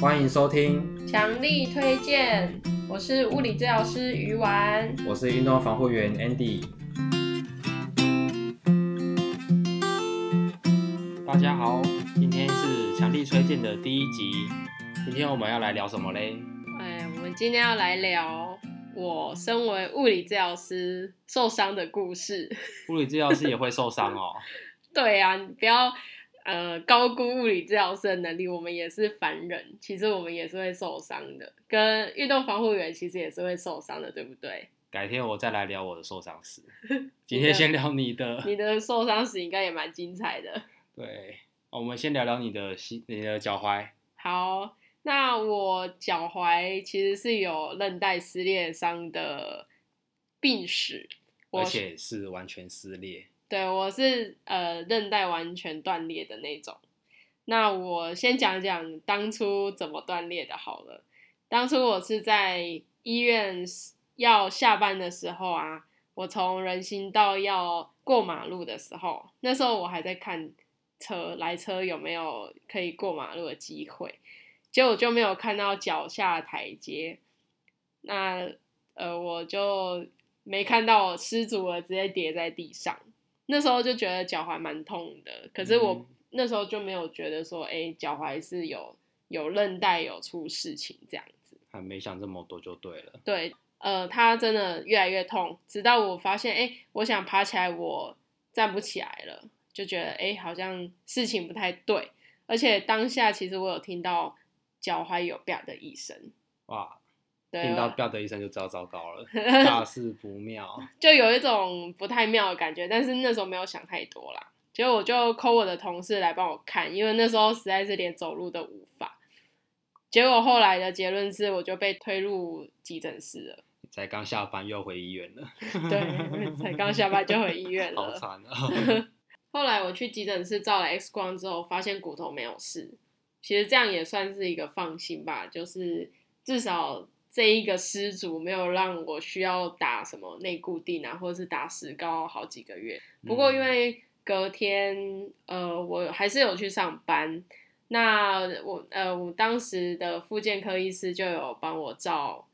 歡迎收聽強力推薦，我是物理治療師魚丸，我是運動防護員 Andy。大家好，今天是強力推薦的第一集，今天我們要來聊什麼嘞？哎，我們今天要來聊我身為物理治療師受傷的故事。物理治療師也會受傷哦？ 對呀、啊，你不要。呃，高估物理治療師的能力，我們也是凡人，其實我們也是會受傷的。跟運動防護員其實也是會受傷的，對不對？改天我再來聊我的受傷史， 的今天先聊你的。你的受傷史應該也蠻精彩的。對，我們先聊聊你的心，你的腳踝。好，那我腳踝其實是有韌帶撕裂傷的病史，而且是完全撕裂。對，我是呃韌帶完全斷裂的那種。那我先講講當初怎麼斷裂的好了。當初我是在醫院要下班的時候啊，我從人行道要過馬路的時候，那時候我還在看車來車有沒有可以過馬路的機會，結果就沒有看到腳下台階，那呃我就沒看到我失足了，直接跌在地上。那時候就覺得腳踝蠻痛的，可是我那時候就沒有覺得說，誒，嗯，欸，腳踝是有有韌帶有出事情這樣子，還沒想這麼多就對了。對，呃，他真的越來越痛，直到我發現，誒、欸、我想爬起來，我站不起來了，就覺得，誒、欸、好像事情不太對，而且當下其實我有聽到腳踝有“啪”的一聲。哇。聽到“啪”的一聲就糟糟糕了，大事不妙， 就有一種不太妙的感覺。但是那時候沒有想太多啦，結果我就 call 我的同事來幫我看，因為那時候實在是連走路都無法。結果後來的結論是，我就被推入急診室了。才剛下班又回醫院了， 對，才剛下班就回醫院了，好慘喔。 後來我去急診室照了 X 光之後，發現骨頭沒有事，其實這樣也算是一個放心吧，就是至少。這一個失足沒有讓我需要打什麼內固定啊，或者是打石膏好幾個月。不過因為隔天，呃，我還是有去上班。那我，呃，我當時的復健科醫師就有幫我照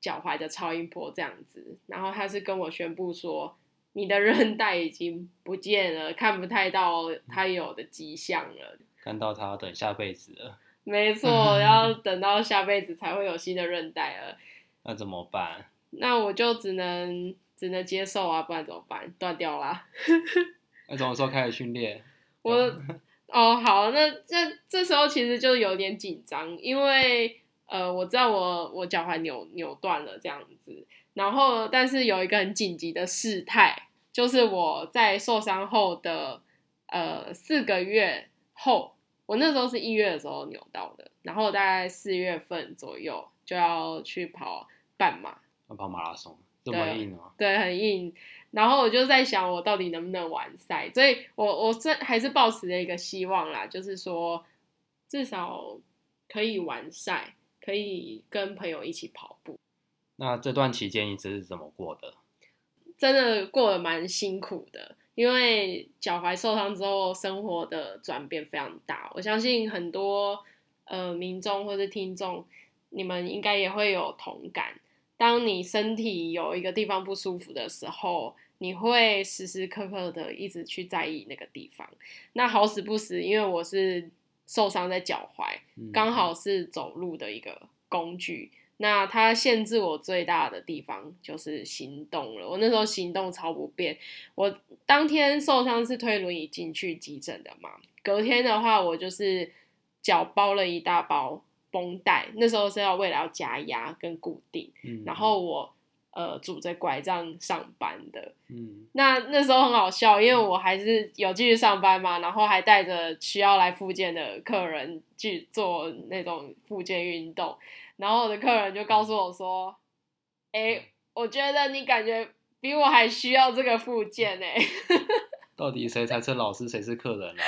腳踝的超音波這樣子，然後他是跟我宣布說，你的韌帶已經不見了，看不太到它有的跡象了。看到他等下輩子了。沒錯，要等到下輩子才會有新的韌帶了。 那怎麼辦？那我就只能只能接受啊，不然怎麼辦？斷掉啦啊。那什麼時候開始訓練？我 哦，好，那這這時候其實就有點緊張，因為呃，我知道我我腳踝扭扭斷了這樣子，然後但是有一個很緊急的事態，就是我在受傷後的呃四個月後。我那時候是一月的時候扭到的，然後大概四月份左右就要去跑半馬，要跑馬拉松這麼硬嗎？對,對，很硬。然後我就在想，我到底能不能完賽，所以我我這還是抱持了一個希望啦，就是說至少可以完賽，可以跟朋友一起跑步。那這段期間一直是怎麼過的？真的過得蠻辛苦的。因為腳踝受傷之後，生活的轉變非常大。我相信很多呃民眾或者聽眾，你們應該也會有同感。當你身體有一個地方不舒服的時候，你會時時刻刻的一直去在意那個地方。那好死不死，因為我是受傷在腳踝，嗯、剛好是走路的一個工具。那它限制我最大的地方就是行動了。我那時候行動超不便，我當天受傷是推輪椅進去急診的嘛，隔天的話，我就是腳包了一大包繃帶，那時候是要為了要加壓跟固定。嗯、然後我。呃，拄着拐杖上班的，嗯，那那時候很好笑，因為我還是有繼續上班嘛，然後還帶着需要來復健的客人去做那種復健運動，然後我的客人就告訴我說：“哎，嗯，欸，我覺得你感覺比我還需要這個復健哎，欸。 ”到底誰才是老師，誰是客人呢？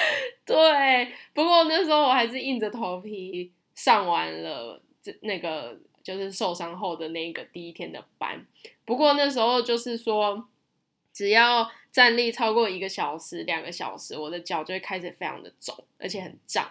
對，不過那時候我還是硬着頭皮上完了這那個。就是受傷後的那個第一天的班，不過那時候就是說，只要站立超過一個小時、兩個小時，我的腳就會開始非常的腫，而且很脹，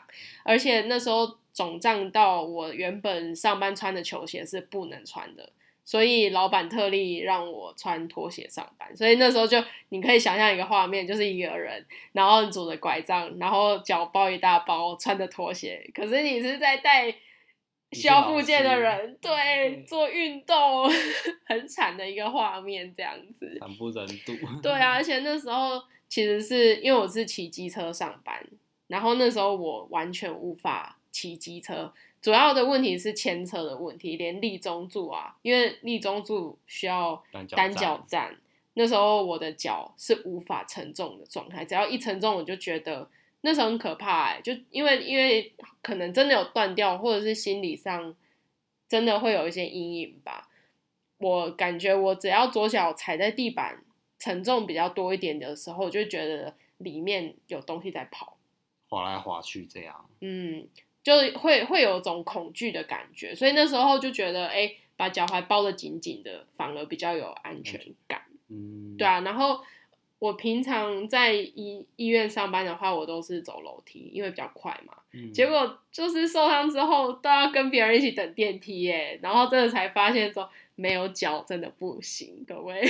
而且那時候腫脹到我原本上班穿的球鞋是不能穿的，所以老闆特例讓我穿拖鞋上班。所以那時候就，你可以想象一個畫面，就是一個人，然後你拄着拐杖，然後腳包一大包，穿着拖鞋，可是你是在帶。需要復健的人，對，做運動、嗯、 很慘的一個畫面，這樣子。慘不忍睹。 對啊，而且那時候其實是因為我是騎機車上班，然後那時候我完全無法騎機車，主要的問題是牽扯的問題，連立中柱啊，因為立中柱需要單腳站，單腳站那時候我的腳是無法承重的狀態，只要一承重我就覺得。那時候很可怕欸，就因為因為可能真的有斷掉，或者是心理上真的會有一些陰影吧。我感覺我只要左腳踩在地板，承重比較多一點的時候，就覺得裡面有東西在跑，滑來滑去這樣。嗯，就會會有種恐懼的感覺，所以那時候就覺得，哎、欸，把腳踝包得緊緊的，反而比較有安全感。嗯，對啊，然後。我平常在醫醫院上班的話，我都是走樓梯，因為比較快嘛。嗯、結果就是受傷之後，都要跟別人一起等電梯耶。然後這才發現說，沒有腳真的不行，各位。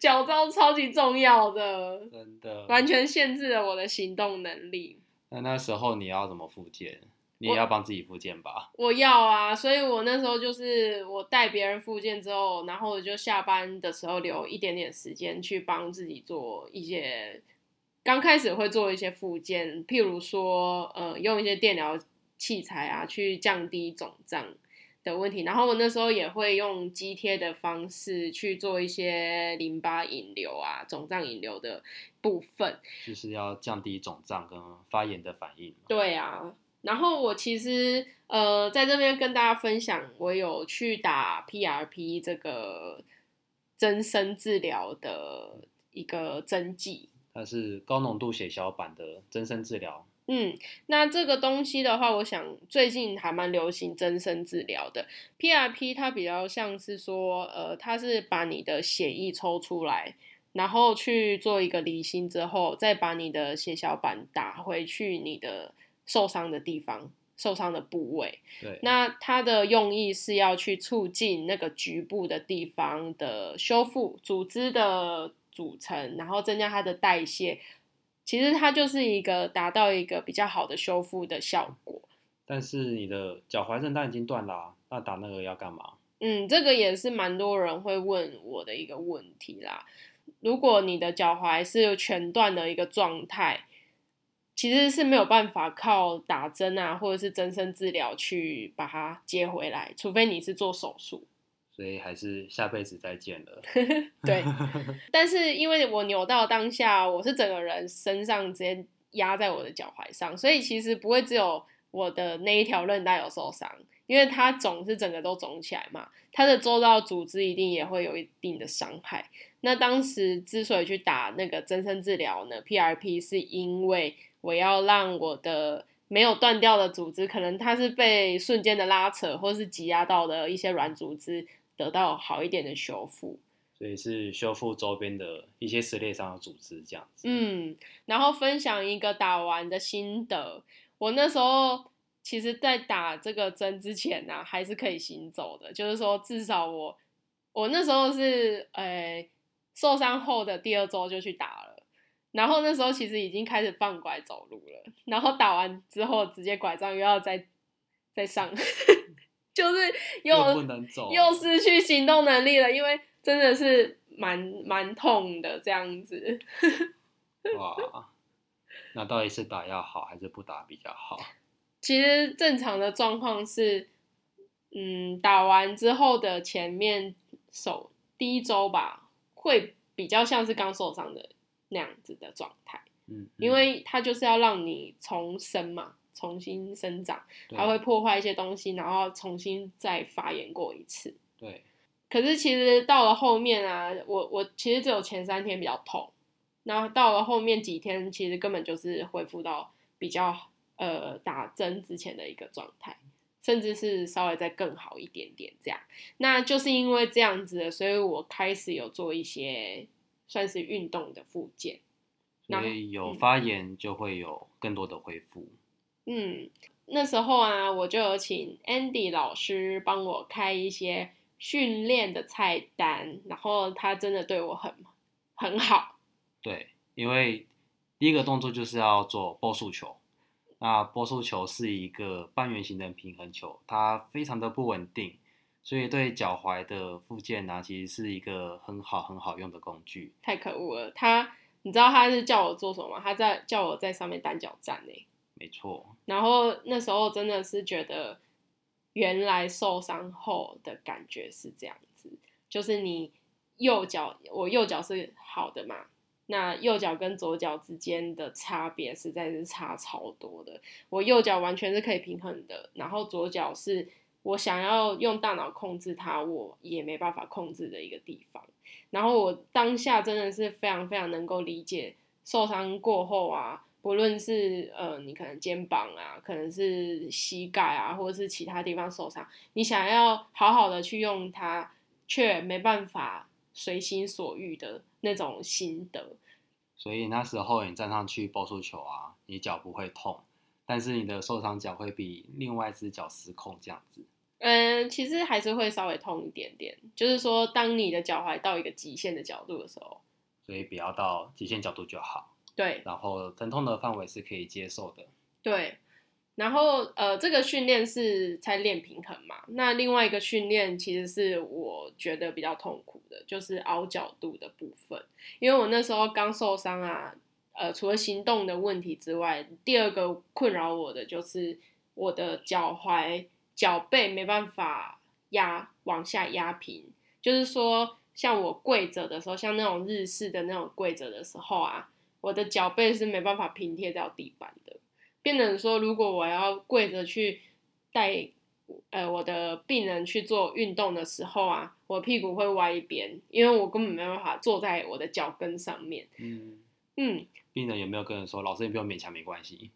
腳招、嗯、 超級重要的，真的完全限制了我的行動能力。那那時候你要怎麼復健？你要幫自己復健吧？我，我要啊，所以我那時候就是我帶別人復健之後，然後我就下班的時候留一點點時間去幫自己做一些。剛開始會做一些復健，譬如說，呃，用一些電療器材啊，去降低腫脹的問題。然後我那時候也會用肌貼的方式去做一些淋巴引流啊，腫脹引流的部分，就是要降低腫脹跟發炎的反應。對啊。然後我其實呃，在這邊跟大家分享，我有去打 PRP 這個增生治療的一個針劑，它是高濃度血小板的增生治療。嗯，那這個東西的話，我想最近還蠻流行增生治療的。PRP 它比較像是說，呃，它是把你的血液抽出來，然後去做一個離心之後，再把你的血小板打回去你的。受傷的地方，受傷的部位，對，那它的用意是要去促進那個局部的地方的修復組織的組成，然後增加它的代謝，其實它就是一個達到一個比較好的修復的效果。但是你的腳踝韌帶已經斷了啊，那打那個要幹嘛？嗯，這個也是蠻多人會問我的一個問題啦。如果你的腳踝是全斷的一個狀態，其實是沒有辦法靠打針啊，或者是增生治療去把它接回來，除非你是做手術。所以還是下輩子再見了。 對， 但是因為我扭到當下，我是整個人身上直接壓在我的腳踝上，所以其實不會只有我的那一條韌帶有受傷，因為它腫是整個都腫起來嘛，它的周遭組織一定也會有一定的傷害。那當時之所以去打那個增生治療呢，PRP 是因為。我要讓我的沒有斷掉的組織，可能它是被瞬間的拉扯或是擠壓到的一些軟組織得到好一點的修復，所以是修復周邊的一些撕裂傷的組織這樣子。嗯，然後分享一個打完的心得，我那時候其實在打這個針之前呢，還是可以行走的，就是說至少我我那時候是呃受傷後的第二周就去打了。然後那時候其實已經開始放拐走路了，然後打完之後直接拐杖又要再再上， 就是又又不能走，又失去行動能力了。因為真的是蠻蠻痛的這樣子。 哇，那到底是打要好還是不打比較好？其實正常的狀況是，嗯，打完之後的前面手第一周吧，會比較像是剛受傷的人。那樣子的狀態，嗯，因為它就是要讓你重生嘛，重新生長，它對會破壞一些東西，然後重新再發炎過一次。對。可是其實到了後面啊，我我其實只有前三天比較痛，然後到了後面幾天，其實根本就是恢復到比較呃打針之前的一個狀態，甚至是稍微再更好一點點這樣。那就是因為這樣子，所以我開始有做一些。算是運動的附件，所以有發言就會有更多的恢復，嗯。嗯，那時候啊，我就有請 Andy 老師幫我開一些訓練的菜單，然後他真的對我很很好。對，因為第一個動作就是要做波速球，那波速球是一個半圓形的平衡球，它非常的不穩定。所以對腳踝的復健啊，其實是一個很好很好用的工具。太可惡了！他，你知道他是叫我做什麼嗎？他在叫我，在上面單腳站誒。沒錯。然後那時候真的是覺得，原來受傷後的感覺是這樣子，就是你右腳，我右腳是好的嘛，那右腳跟左腳之間的差別實在是差超多的。我右腳完全是可以平衡的，然後左腳是。我想要用大腦控制它，我也沒辦法控制的一個地方。然後我當下真的是非常非常能夠理解，受傷過後啊，不論是呃你可能肩膀啊，可能是膝蓋啊，或者是其他地方受傷，你想要好好的去用它，卻沒辦法隨心所欲的那種心得。所以那時候你站上去 BOSU 球啊，你腳不會痛，但是你的受傷腳會比另外一只腳失控這樣子。嗯，其實還是會稍微痛一點點，就是說，當你的腳踝到一個極限的角度的時候，所以不要到極限角度就好。對，然後疼痛的範圍是可以接受的。對，然後呃，這個訓練是在練平衡嘛？那另外一個訓練，其實是我覺得比較痛苦的，就是拗角度的部分，因為我那時候剛受傷啊，呃，除了行動的問題之外，第二個困擾我的就是我的腳踝。腳背沒辦法壓往下壓平，就是說，像我跪着的時候，像那種日式的那種跪着的時候啊，我的腳背是沒辦法平貼到地板的。變成說，如果我要跪着去帶，呃，我的病人去做運動的時候啊，我屁股會歪一邊，因為我根本沒辦法坐在我的腳跟上面。嗯，嗯，病人有沒有跟人說，老師你不要勉強沒關係？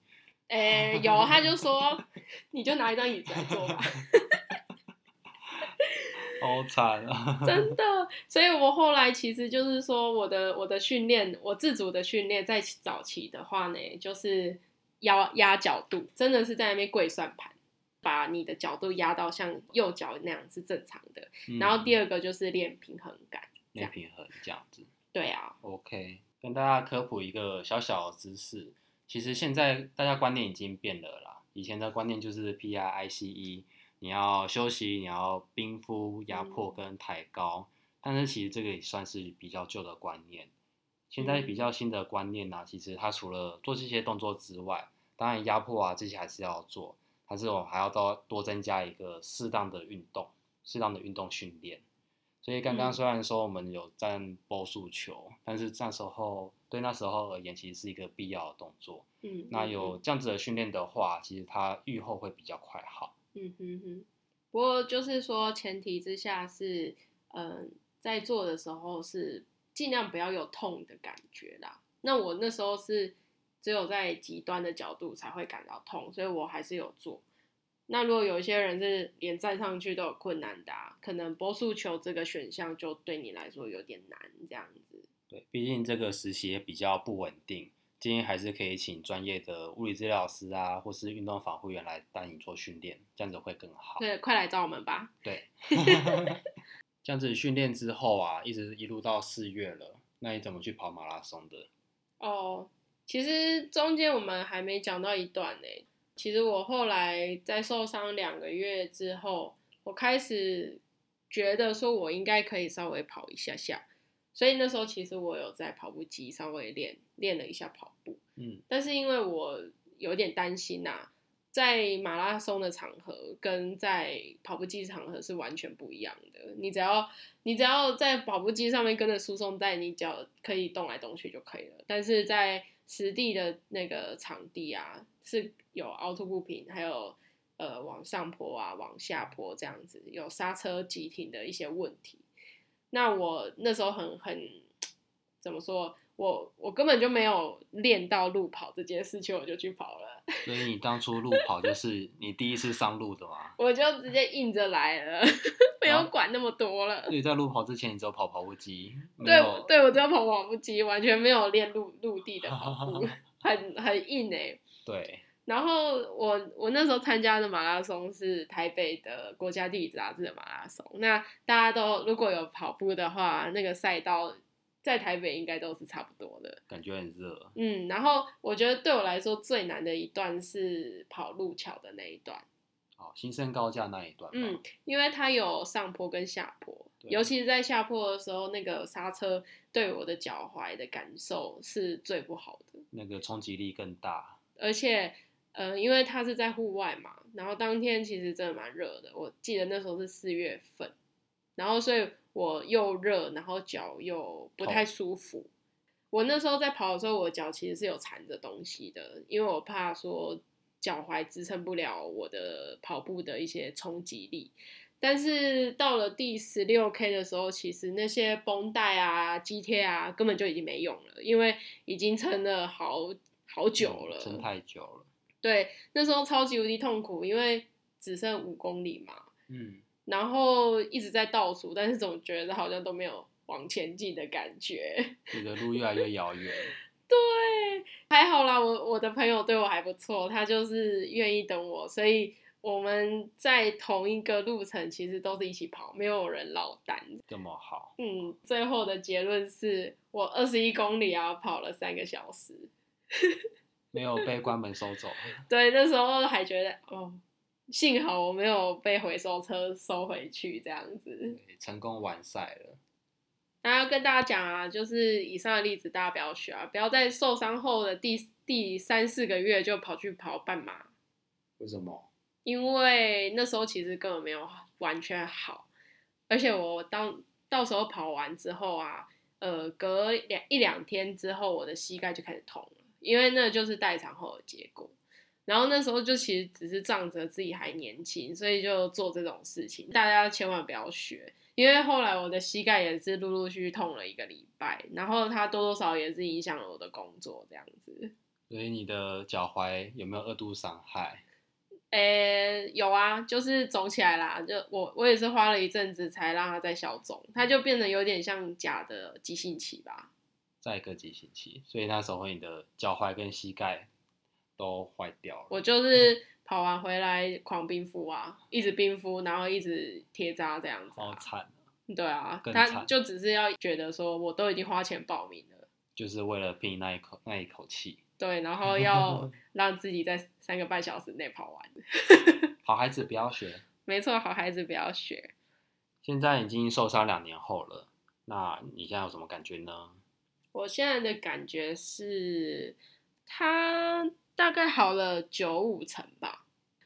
哎、欸，有，他就說，你就拿一張椅子來坐吧。 好慘啊！真的，所以我後來其實就是說我，我的我的訓練，我自主的訓練，在早期的話呢，就是要壓角度，真的是在那邊跪算盤，把你的角度壓到像右腳那樣是正常的。嗯、然後第二個就是練平衡感，練平衡這樣子，對啊。OK，跟大家科普一個小小知識。其實現在大家觀念已經變了啦，以前的觀念就是 P R I C E，你要休息，你要冰敷、壓迫跟抬高，但是其實這個也算是比較舊的觀念。現在比較新的觀念呢、啊，其實它除了做這些動作之外，當然壓迫啊這些還是要做，但是我們還要多多增加一個適當的運動，適當的運動訓練。所以剛剛雖然說我們有站波速球，嗯、但是那時候對那時候而言其實是一個必要的動作。嗯，嗯那有這樣子的訓練的話，嗯、其實它預後會比較快好。嗯哼哼。不過就是說前提之下是，嗯、呃，在做的時候是盡量不要有痛的感覺啦。那我那時候是只有在極端的角度才會感到痛，所以我還是有做。那如果有一些人是連站上去都有困難的，啊，可能波速球這個選項就對你來說有點難，這樣子。對，畢竟這個時期也比較不穩定。建議還是可以請專業的物理治療師啊，或是運動防護員來帶你做訓練，這樣子會更好。對，快來找我們吧。對， 這樣子訓練之後啊，一直一路到四月了，那你怎麼去跑馬拉松的？哦，oh, 其實中間我們還沒講到一段呢。其實我後來在受傷兩個月之後，我開始覺得說我應該可以稍微跑一下下，所以那時候其實我有在跑步機稍微練練了一下跑步，嗯，但是因為我有點擔心啊，在馬拉松的場合跟在跑步機場合是完全不一樣的。你只要你只要在跑步機上面跟着輸送帶，你腳可以動來動去就可以了。但是在實地的那個場地啊。是有凹凸不平，還有呃往上坡啊，往下坡這樣子，有剎車急停的一些問題。那我那時候很很怎麼說，我我根本就沒有練到路跑這件事情，我就去跑了。所以你當初路跑就是你第一次上路的嗎？ 我就直接硬着來了，啊、沒有管那麼多了。你在路跑之前，你只有跑跑步機。對對，我只有跑跑步機，完全沒有練陸陸地的跑步， 很很硬哎、欸。對，然後我我那時候參加的馬拉松是台北的國家地理雜誌的馬拉松。那大家都如果有跑步的話，那個賽道在台北應該都是差不多的。感覺很熱。嗯，然後我覺得對我來說最難的一段是跑陸橋的那一段。哦，新生高架那一段。嗯，因為它有上坡跟下坡，對尤其是在下坡的時候，那個剎車對我的腳踝的感受是最不好的。那個衝擊力更大。而且，呃，因為他是在戶外嘛，然後當天其實真的蠻熱的。我記得那時候是四月份，然後所以我又熱，然後腳又不太舒服。Oh. 我那時候在跑的時候，我腳其實是有纏着東西的，因為我怕說腳踝支撐不了我的跑步的一些衝擊力。但是到了第十六 k 的時候，其實那些繃帶啊、肌貼啊，根本就已經沒用了，因為已經撐了好。好久了，嗯，真太久了。對，那時候超級無敵痛苦，因為只剩五公里嘛。嗯，然後一直在倒數，但是總覺得好像都沒有往前進的感覺。你的路越來越遙遠。 對，還好啦，我我的朋友對我還不錯，他就是願意等我，所以我們在同一個路程，其實都是一起跑，沒有人落單的。這麼好？嗯，最後的結論是我二十一公里啊，跑了三個小時。 沒有被關門收走。 對，那時候還覺得哦，幸好我沒有被回收車收回去，這樣子成功完賽了。那要、啊、跟大家講啊，就是以上的例子，大家不要學啊，不要在受傷後的第第三四個月就跑去跑半馬。為什麼？因為那時候其實根本沒有完全好，而且我到到時候跑完之後啊，呃，隔兩一兩天之後，我的膝蓋就開始痛。因為那就是代償後的結果，然後那時候就其實只是仗着自己還年輕，所以就做這種事情，大家千萬不要學，因為後來我的膝蓋也是陸陸續續痛了一個禮拜，然後它多多少少也是影響了我的工作這樣子。所以你的腳踝有沒有二度傷害？呃、欸，有啊，就是腫起來啦。就我我也是花了一陣子才讓它再消腫，它就變得有點像假的急性期吧。再隔幾星期，所以那時候你的腳踝跟膝蓋都壞掉了。我就是跑完回來狂冰敷啊，嗯、一直冰敷，然後一直貼扎這樣子、啊。好慘、啊。對啊，他慘就只是要覺得說，我都已經花錢報名了，就是為了拼那一口那一口氣。對，然後要讓自己在三個半小時內跑完 好。好孩子不要學，沒錯，好孩子不要學。現在已經受傷兩年後了，那你現在有什麼感覺呢？我現在的感覺是，它大概好了九五成吧。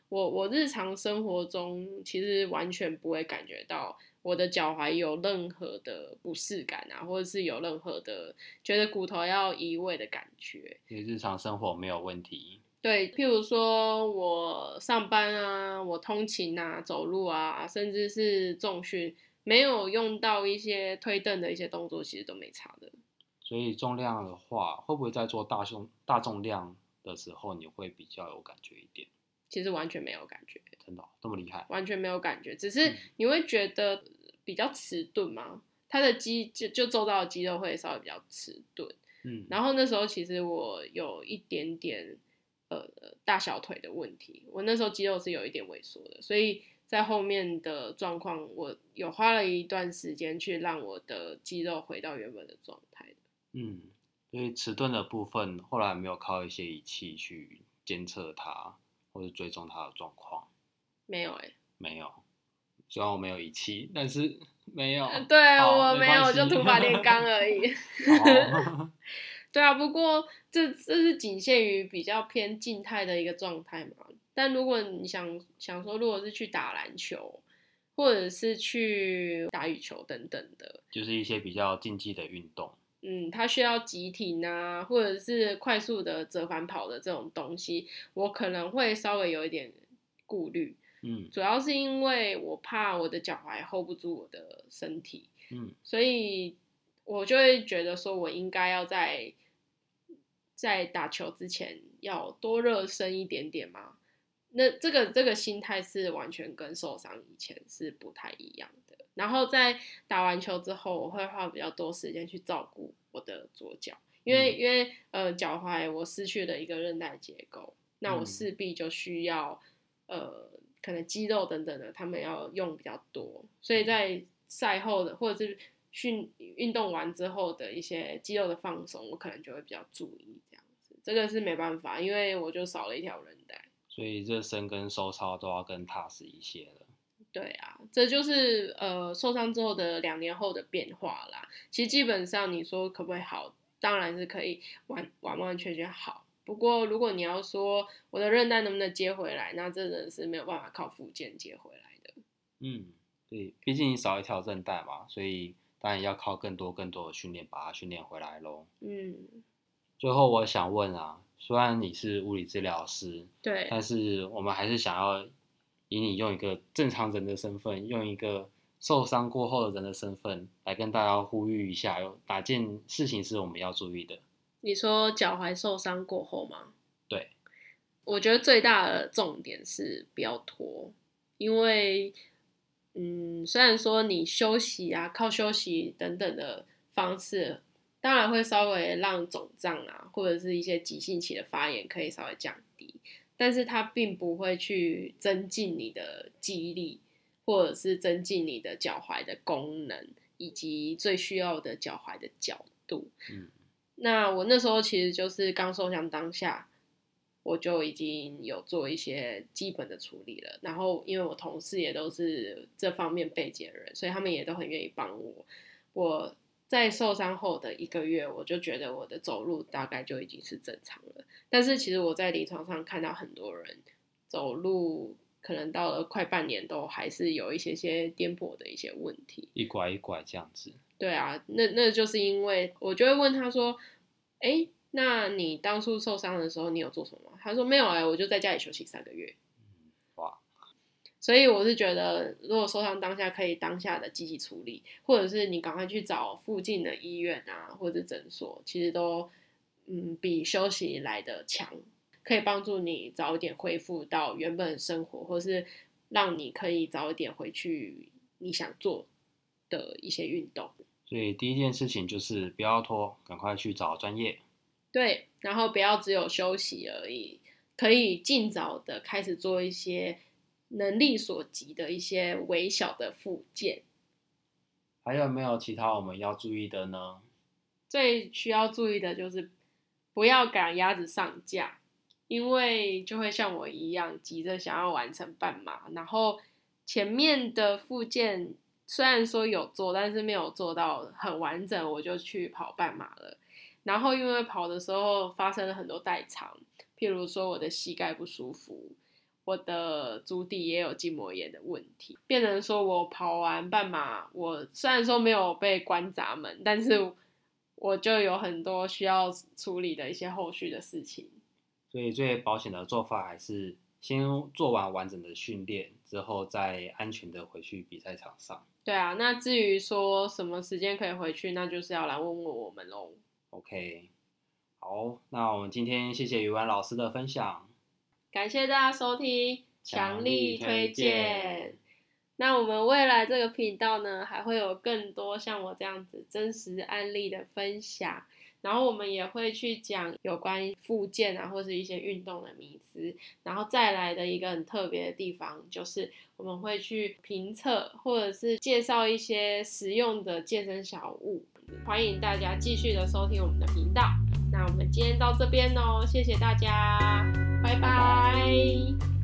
我我日常生活中其實完全不會感覺到我的腳踝有任何的不適感啊，或者是有任何的覺得骨頭要移位的感覺。其實日常生活沒有問題。對，譬如說我上班啊，我通勤啊，走路啊，甚至是重訓，沒有用到一些推凳的一些動作，其實都沒差的。所以重量的話，會不會在做大胸、大重量的時候，你會比較有感覺一點？其實完全沒有感覺，真的、哦、這麼厲害？完全沒有感覺，只是你會覺得比較遲鈍嗎？他的肌就就做到肌肉會稍微比較遲鈍。嗯，然後那時候其實我有一點點呃大小腿的問題，我那時候肌肉是有一點萎縮的，所以在後面的狀況，我有花了一段時間去讓我的肌肉回到原本的狀態。嗯，所以遲鈍的部分後來沒有靠一些儀器去監測它，或者追蹤它的狀況。沒有哎、欸，沒有。雖然我沒有儀器，但是沒有。對、哦、我沒有，沒就土法煉鋼而已。 好 對啊，不過這這是僅限於比較偏靜態的一個狀態嘛。但如果你想想說，如果是去打籃球，或者是去打羽球等等的，就是一些比較競技的運動。嗯，他需要急停啊，或者是快速的折返跑的這種東西，我可能會稍微有一點顧慮。嗯，主要是因為我怕我的腳踝 hold 不住我的身體。嗯，所以我就會覺得說，我應該要在在打球之前要多熱身一點點嘛。那這個這個心態是完全跟受傷以前是不太一樣的。然後在打完球之後，我會花比較多時間去照顧我的左腳，因為、嗯、因為呃腳踝我失去了一個韌帶結構，那我勢必就需要、嗯、呃可能肌肉等等的他們要用比較多，所以在賽後的或者是訓運動完之後的一些肌肉的放鬆，我可能就會比較注意這樣子，這個是沒辦法，因為我就少了一條韌帶，所以熱身跟收操都要更踏實一些了。對啊，這就是呃受傷之後的兩年後的變化啦。其實基本上你說可不可以好，當然是可以完完完全全好。不過如果你要說我的韌帶能不能接回來，那真的是沒有辦法靠復健接回來的。嗯，對，畢竟少一條韌帶嘛，所以當然要靠更多更多的訓練把它訓練回來咯。嗯，最後我想問啊，雖然你是物理治療師，對，但是我們還是想要。以你用一個正常人的身份，用一個受傷過後的人的身份來跟大家呼籲一下，有哪件事情是我們要注意的？你說腳踝受傷過後嗎？對，我覺得最大的重點是不要拖，因為，嗯，雖然說你休息啊、靠休息等等的方式，當然會稍微讓腫脹啊，或者是一些急性期的發炎可以稍微降。但是它並不會去增進你的肌力，或者是增進你的腳踝的功能，以及最需要的腳踝的角度。嗯，那我那時候其實就是剛受傷當下，我就已經有做一些基本的處理了。然後因為我同事也都是這方面背景的人，所以他們也都很願意幫我。我，在受傷後的一個月，我就覺得我的走路大概就已經是正常了。但是其實我在臨床上看到很多人走路，可能到了快半年都還是有一些些顛簸的一些問題，一拐一拐這樣子。對啊，那那就是因為我就會問他說：“哎、欸，那你當初受傷的時候，你有做什麼？”他說：“沒有哎、欸，我就在家裡休息三個月。”所以我是覺得，如果受傷當下可以當下的積極處理，或者是你趕快去找附近的醫院啊，或者診所，其實都嗯比休息來得強，可以幫助你早一點恢復到原本的生活，或者是讓你可以早一點回去你想做的一些運動。所以第一件事情就是不要拖，趕快去找專業。對，然後不要只有休息而已，可以盡早的開始做一些。能力所及的一些微小的復健。還有沒有其他我們要注意的呢？最需要注意的就是不要趕鴨子上架，因為就會像我一樣急着想要完成半馬，然後前面的復健雖然說有做，但是沒有做到很完整，我就去跑半馬了。然後因為跑的時候發生了很多代償，譬如說我的膝蓋不舒服。我的足底也有筋膜炎的問題，變成說我跑完半馬，我雖然說沒有被關閘門，但是我就有很多需要處理的一些後續的事情。所以最保險的做法還是先做完完整的訓練之後，再安全的回去比賽場上。對啊，那至於說什麼時間可以回去，那就是要來問問我們嘍。OK，好，那我們今天謝謝魚丸老師的分享。感謝大家收聽，強力推薦。推薦。那我們未來這個頻道呢，還會有更多像我這樣子真實案例的分享，然後我們也會去講有關於復健，啊，或是一些運動的名詞。然後再來的一個很特別的地方，就是我們會去評測或者是介紹一些實用的健身小物。歡迎大家繼續的收聽我們的頻道。那我們今天到這邊哦，謝謝大家，拜拜。拜拜。